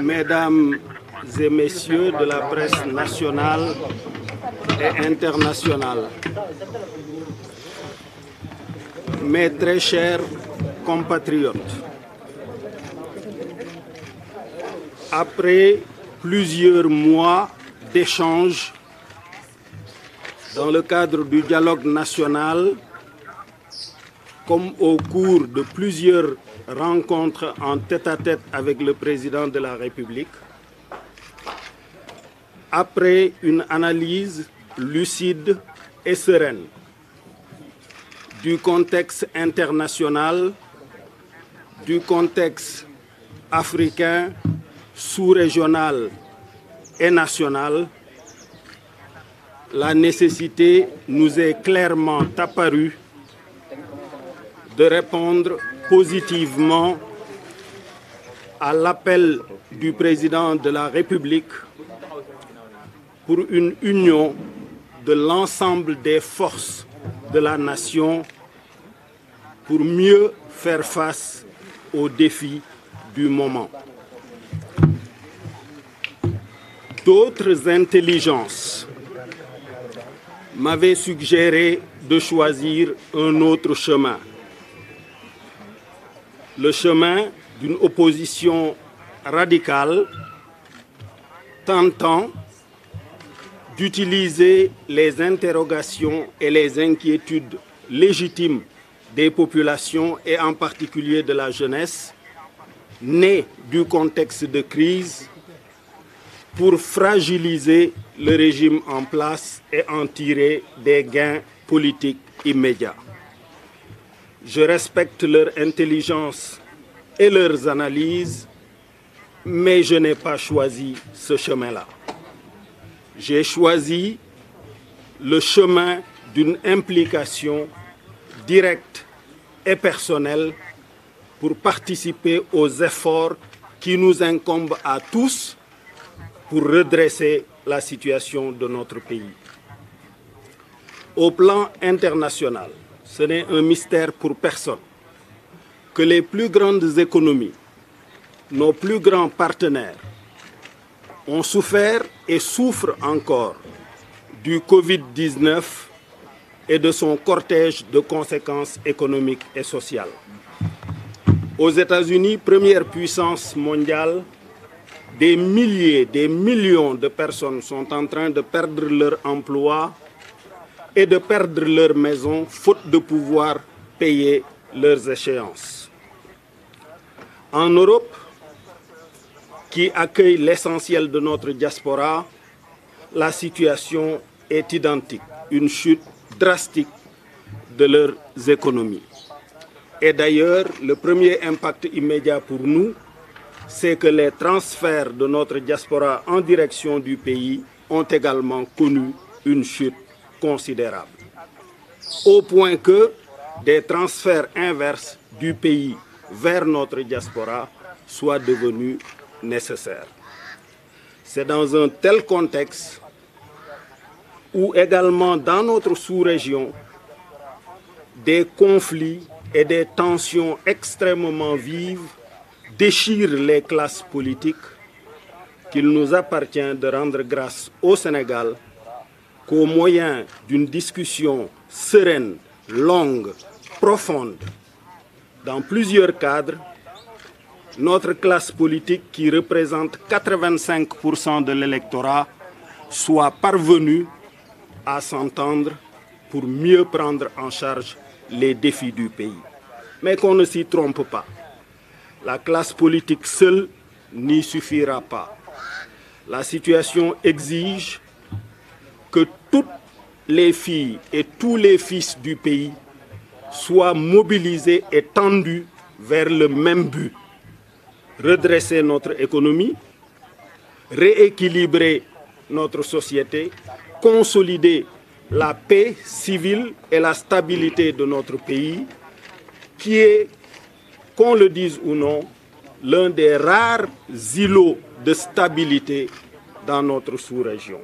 mesdames et messieurs de la presse nationale et internationale, mes très chers compatriotes, après plusieurs mois d'échanges dans le cadre du dialogue national, comme au cours de plusieurs rencontre en tête-à-tête avec le président de la République, après une analyse lucide et sereine du contexte international, du contexte africain, sous-régional et national, la nécessité nous est clairement apparue de répondre positivement à l'appel du président de la République pour une union de l'ensemble des forces de la nation pour mieux faire face aux défis du moment. D'autres intelligences m'avaient suggéré de choisir un autre chemin le chemin d'une opposition radicale tentant d'utiliser les interrogations et les inquiétudes légitimes des populations et en particulier de la jeunesse, née du contexte de crise, pour fragiliser le régime en place et en tirer des gains politiques immédiats. Je respecte leur intelligence et leurs analyses, mais je n'ai pas choisi ce chemin-là. J'ai choisi le chemin d'une implication directe et personnelle pour participer aux efforts qui nous incombent à tous pour redresser la situation de notre pays. Au plan international, ce n'est un mystère pour personne que les plus grandes économies, nos plus grands partenaires, ont souffert et souffrent encore du Covid-19 et de son cortège de conséquences économiques et sociales. Aux États-Unis, première puissance mondiale, des milliers, des millions de personnes sont en train de perdre leur emploi et de perdre leur maison faute de pouvoir payer leurs échéances. En Europe, qui accueille l'essentiel de notre diaspora, la situation est identique, une chute drastique de leurs économies. Et d'ailleurs, le premier impact immédiat pour nous, c'est que les transferts de notre diaspora en direction du pays ont également connu une chute considérable, au point que des transferts inverses du pays vers notre diaspora soient devenus nécessaires. C'est dans un tel contexte où également dans notre sous-région, des conflits et des tensions extrêmement vives déchirent les classes politiques qu'il nous appartient de rendre grâce au Sénégal qu'au moyen d'une discussion sereine, longue, profonde, dans plusieurs cadres, notre classe politique qui représente 85% de l'électorat soit parvenue à s'entendre pour mieux prendre en charge les défis du pays. Mais qu'on ne s'y trompe pas, la classe politique seule n'y suffira pas. La situation exige que toutes les filles et tous les fils du pays soient mobilisés et tendus vers le même but. Redresser notre économie, rééquilibrer notre société, consolider la paix civile et la stabilité de notre pays, qui est, qu'on le dise ou non, l'un des rares îlots de stabilité dans notre sous-région.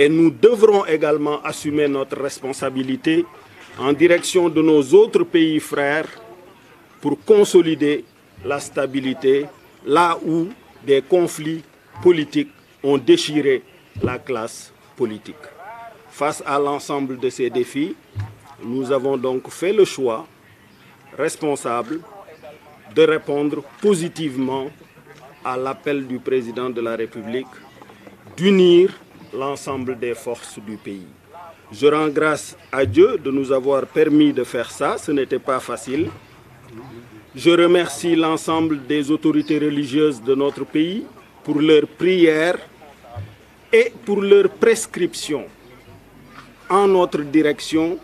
Et nous devrons également assumer notre responsabilité en direction de nos autres pays frères pour consolider la stabilité là où des conflits politiques ont déchiré la classe politique. Face à l'ensemble de ces défis, nous avons donc fait le choix responsable de répondre positivement à l'appel du président de la République d'unir l'ensemble des forces du pays. Je rends grâce à Dieu de nous avoir permis de faire ça, ce n'était pas facile. Je remercie l'ensemble des autorités religieuses de notre pays pour leurs prières et pour leur prescription en notre direction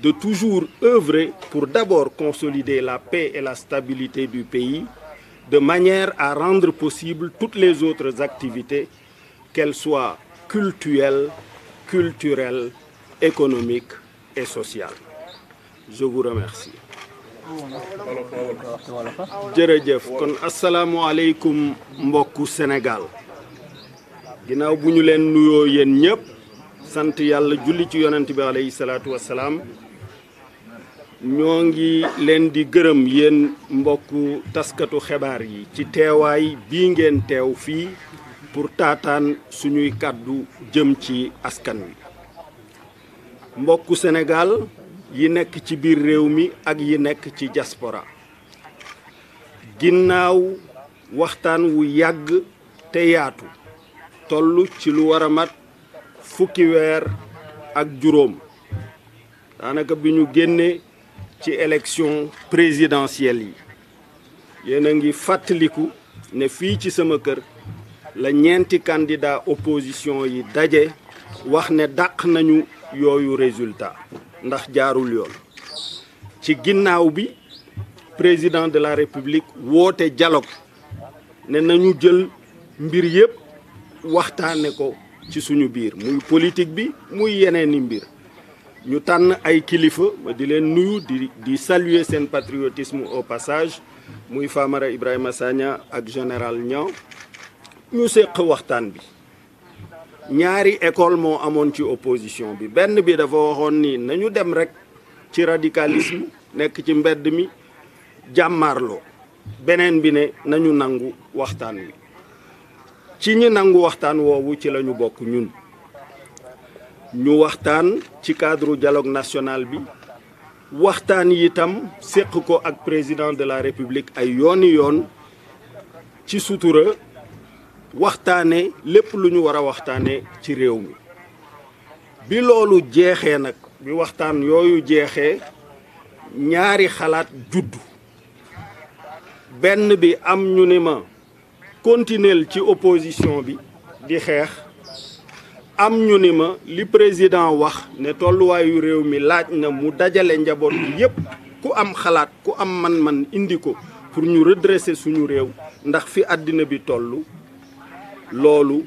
de toujours œuvrer pour d'abord consolider la paix et la stabilité du pays de manière à rendre possible toutes les autres activités, qu'elles soient cultuelle, kulturel économique et sociale. Je vous remercie. jërëjëf kon asalaamualeykum mbokku Sénégal ginnaaw bu ñu leen nuyoo yéen ñëpp sant yàlla julli ci yonent bi aleyhi salaatu ñoo ngi leen di gërëm yéen mbokku taskatu xebaar yi ci teewaay bii ngeen teew fii pour tatan suñuy kaddu jëm ci askan wi mbokku senegal yi nek ci bir rew mi ak yi nek ci diaspora ginnaw waxtan wu yàgg te yaatu tollu ci lu wara mat fukki wer ak danaka biñu genné ci élection présidentielle yi yeena ngi ne fi ci sama kër la ñeenti candidat opposition yi daje wax yo résultats. nañu yoyu résultat ndax jaarul ci président de la république wote dialogue né nañu jël mbir yépp waxtané ko ci suñu muy politique bi muy mbir ñu tann ay kilifa di nuyu saluer patriotisme au passage muy Famara Ibrahima ak général ñu séq waxtaan bi ñaari école moo amoon ci opposition bi benn bi dafa waxoon ni nañu dem rek ci radicalisme nekk ci mbedd mi jàmmaarloo beneen bi ne nañu nangu waxtaan wi ci ñi nangu waxtaan woowu ci lañu bokk ñun ñu waxtaan ci cadre dialogue national bi waxtaan yi itam séq ko ak président de la république ay yooni yoon ci sutura waxtaane lépp lu ñu war a waxtaane ci réew mi bi loolu jeexee nag bi waxtaan yooyu jeexee ñaari xalaat juddu benn bi am ñu ni ma continuel ci opposition bi di xeex am ñu ni ma li président wax ne tolluwaayu réew mi laaj na mu dajale njaboot bi yépp ku am xalaat ku am man-man indi ko pour ñu redresser suñu réew ndax fi àddina bi tollu loolu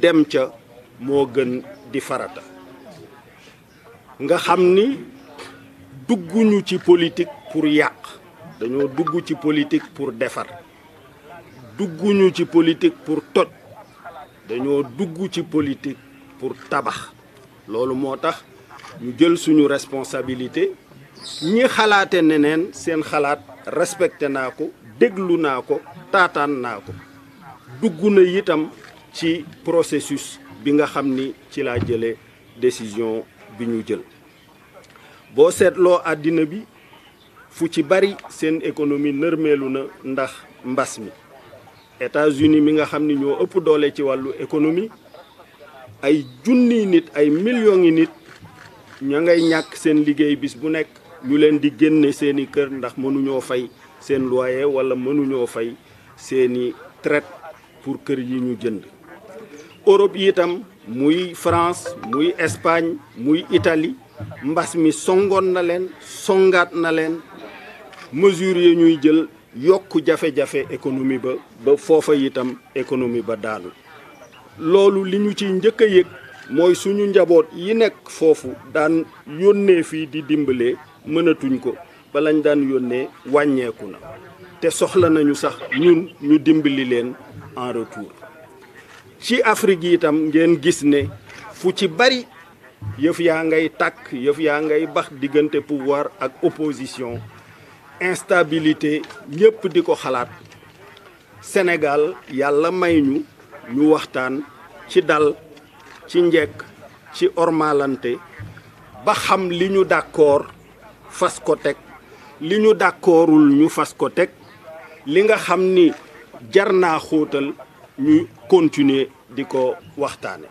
dem ca moo gën di farata nga xam ni dugguñu ci politique pour yàq dañoo dugg ci politique pour defar dugguñu ci politique pour toj dañoo dugg ci politique pour tabax loolu moo tax ñu jël suñu responsabilité ñi xalaate neneen seen xalaat respecté naa ko déglu naa ko taataan naa ko duguna yitam ci processus bi nga xamni ci la jëlé décision bi ñu jël bo adina bi fu ci bari sen économie neurmeluna ndah ndax mbass mi États-Unis mi nga xamni ño ëpp doolé ci walu économie ay junni nit ay millions nit ña ngay ñak sen liggéey bis bu nek ñu leen di génné seeni kër ndax ño fay sen loyer wala ño fay seeni traite pour kër yi ñu jënd Europe yi muy France muy Espagne muy itali mbas mi songoon na leen songaat na leen mesures yi ñuy jël yokk jafe-jafe économie ba ba foofa itam économie ba daanu loolu li ñu ci njëkk a yëg mooy suñu njaboot yi nekk foofu daan yónnee fii di dimbalee mënatuñ ko ba lañ daan yónnee wàññeeku na te soxla nañu sax ñun ñu dimbali leen en retour ci Afrique yi itam ngeen gis ne fu ci bari yëf yaa ngay tàkk yëf ngay bax pouvoir ak opposition instabilité ñëpp di xalaat Sénégal yàlla may ñu ñu waxtaan ci dal ci ci ba xam d'accord fas ko ñu li nga xam ni jar naa xóotal ñu continuer di ko waxtaane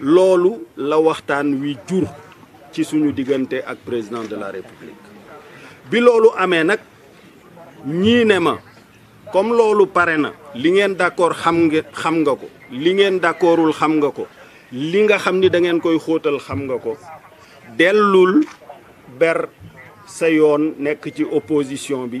loolu la waxtaan wi jur ci suñu diggante ak président de la république bi loolu amee nag ñii ma comme loolu pare na li ngeen d'accord xam nga xam nga ko li ngeen d'accordul xam nga ko li nga xam ni dangeen koy xóotal xam nga ko dellul ber sa yoon nekk ci opposition bi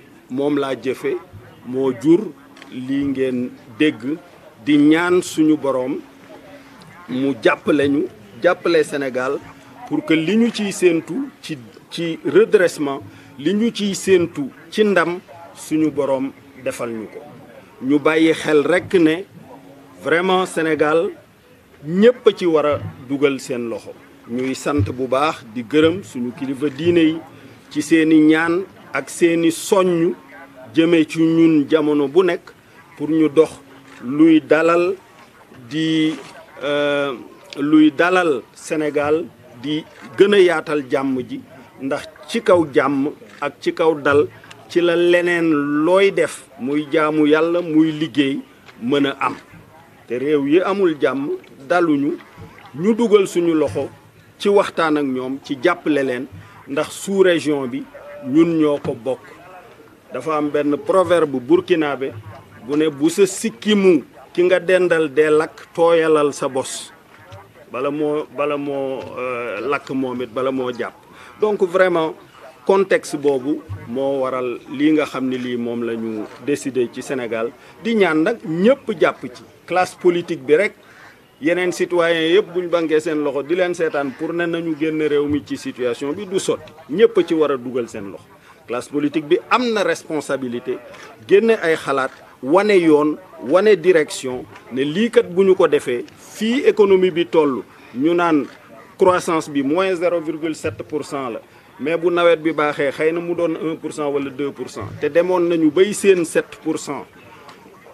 moom laa jëfe moo jur lii ngeen dégg di ñaan suñu boroom mu jàppale ñu jàppale Sénégal pour que li ñu ciy séentu ci ci redressement li ñu ciy séentu ci ndam suñu boroom defal ñu ko ñu bàyyi xel rekk ne vraiment senegal ñépp a ci war a dugal seen loxo ñuy sant bu baax di gërëm suñu kilifa diine yi ci seeni ñaan ak seeni soññ jëmee ci ñun jamono bu nekk pour ñu dox luy dalal di euh, luy dalal Sénégal di gën a yaatal jàmm ji ndax ci kaw jàmm ak ci kaw dal ci la leneen looy def muy jaamu yàlla muy liggéey mën a am te réew yi amul jàmm daluñu ñu dugal suñu loxo ci waxtaan ak ñoom ci jàppale leen ndax sous-région bi ñun ñoo ko bokk dafa am benn proverbe burkinabé bu ne bu sa sikkimu ki nga dendal dee lakk tooyalal sa bos bala moo bala moo euh, lakk moom it bala moo jàpp donc vraiment contexte boobu moo waral lii nga xam ne lii moom la ñu décidé ci Sénégal di ñaan nag ñëpp jàpp ci classe politique bi rek yenen citoyen yëpp buñ bankee sen loxo di len sétane pour ne nañu génn réew mi ci situation bi du sotti ñepp ci wara duggal s'en seen loxo classe politique bi amna responsabilité génné ay xalaat wané yoon wané direction né li kat bu ko défé fi économie bi tollu ñu naan croissance bi moins 0,7 la mais bu nawet bi baxé xeyna mu doon 1 wala 2 té démon nañu bay sen 7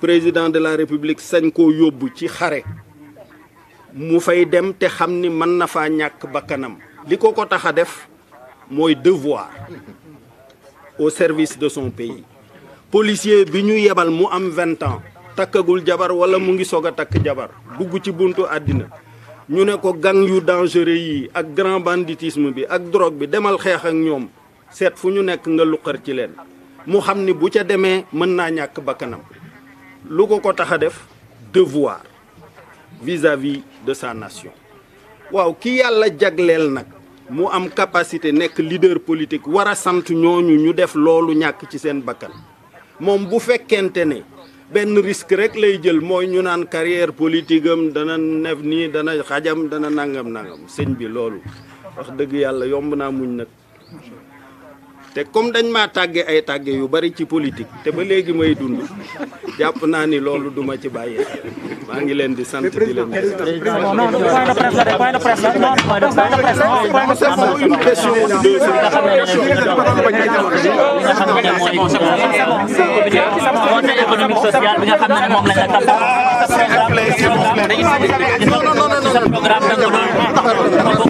président de la république Senko koo ci xaré fay dem te xamni man na fa ñak bakanam liko ko def devoir au service de son pays policier bi ñu yebal mu am vingt ans Takagul jabar wala mu ngi soga a jabar ci buntu adina ñu ne gang yu dangereux yi ak grand banditisme bi ak drogue bi demal xex ak ñom set fu ñu nekk nga ci mu bu ca démé mën lu ko ko def devoir vis-à-vis de sa nation waaw ki yalla jaglel nak mu am capacité nek leader politique Wara a sant ñooñu ñu def loolu ñak ci sen bakkan mom bu fekente ne ben risque rek lay jël moy ñu nan carrière politique am dana nef ni dana xajam dana nangam nangam señ bi loolu wax deug yalla yomb na muñ nak te comme dañ ma tàgge ay tàgge yu bari ci politique te ba léegi may dund jàpp naa ni loolu duma ci bàyyi maa ngi leen di sant di leen di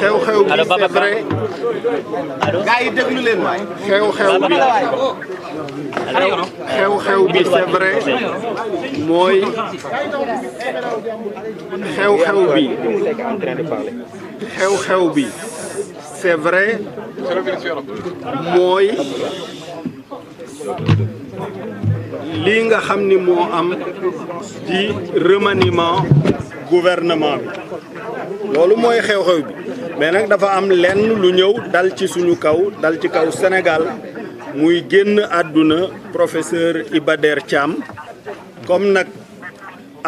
xew-xew bi c'est xew-xew bi xew-xew bi c'est vrai mooy xew-xew bi xew-xew bi c'est mooy lii nga xam ni moo am di remaniement gouvernement loolu mooy xew-xew bi mais nag dafa am lenn lu ñëw dal ci suñu kaw dal ci kaw Sénégal muy génn àdduna professeur Iba Der Thiam comme nag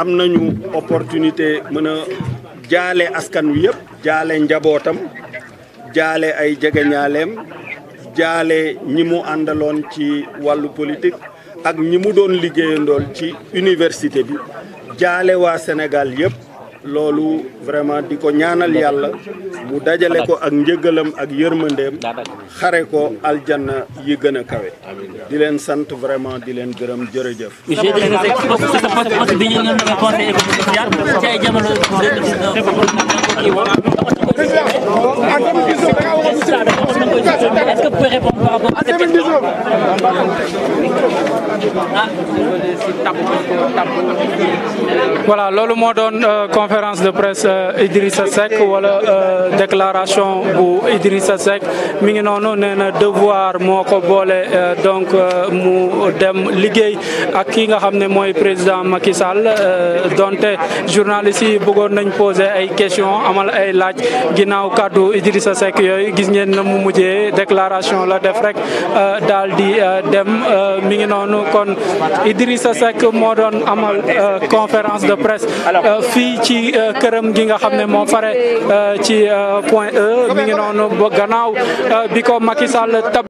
am nañu opportunité mën a jaale askan wi yëpp jaale njabootam jaale ay jegeñaaleem jaale ñi mu àndaloon ci wàllu politique ak ñi mu doon liggéeyandool ci université bi jaale waa Sénégal yëpp loolu vraiment di ko ñaanal yàlla mu dajale ko ak njëgalam ak yërmandeem xare ko aljanna yi gën a kawe di leen sant vraiment di leen gërëm jërëjëf Est-ce que vous pouvez répondre par rapport à cette question ah. Voilà loolu moo doon euh, conférence de presse euh, Idrissa Seck wala euh, déclaration bu Idrissa Seck mi ngi noonu na devoir moko bolé euh, donc mu dem liggéey ak ki nga xamné moy président Macky Sall donté journaliste yi bëggoon nañ poser ay questions amal ay laaj ginnaw cadeau Idrissa Seck yoy gis ngeen na mu mujjé déclaration la def rek daal di dem mi ngi kon Idrissa Seck mo don amal conférence de presse fi ci ci euh, këram gi nga xam ne moo fare euh, ci euh, point E mi ngi noonu ba gannaaw bi ko Macky Sall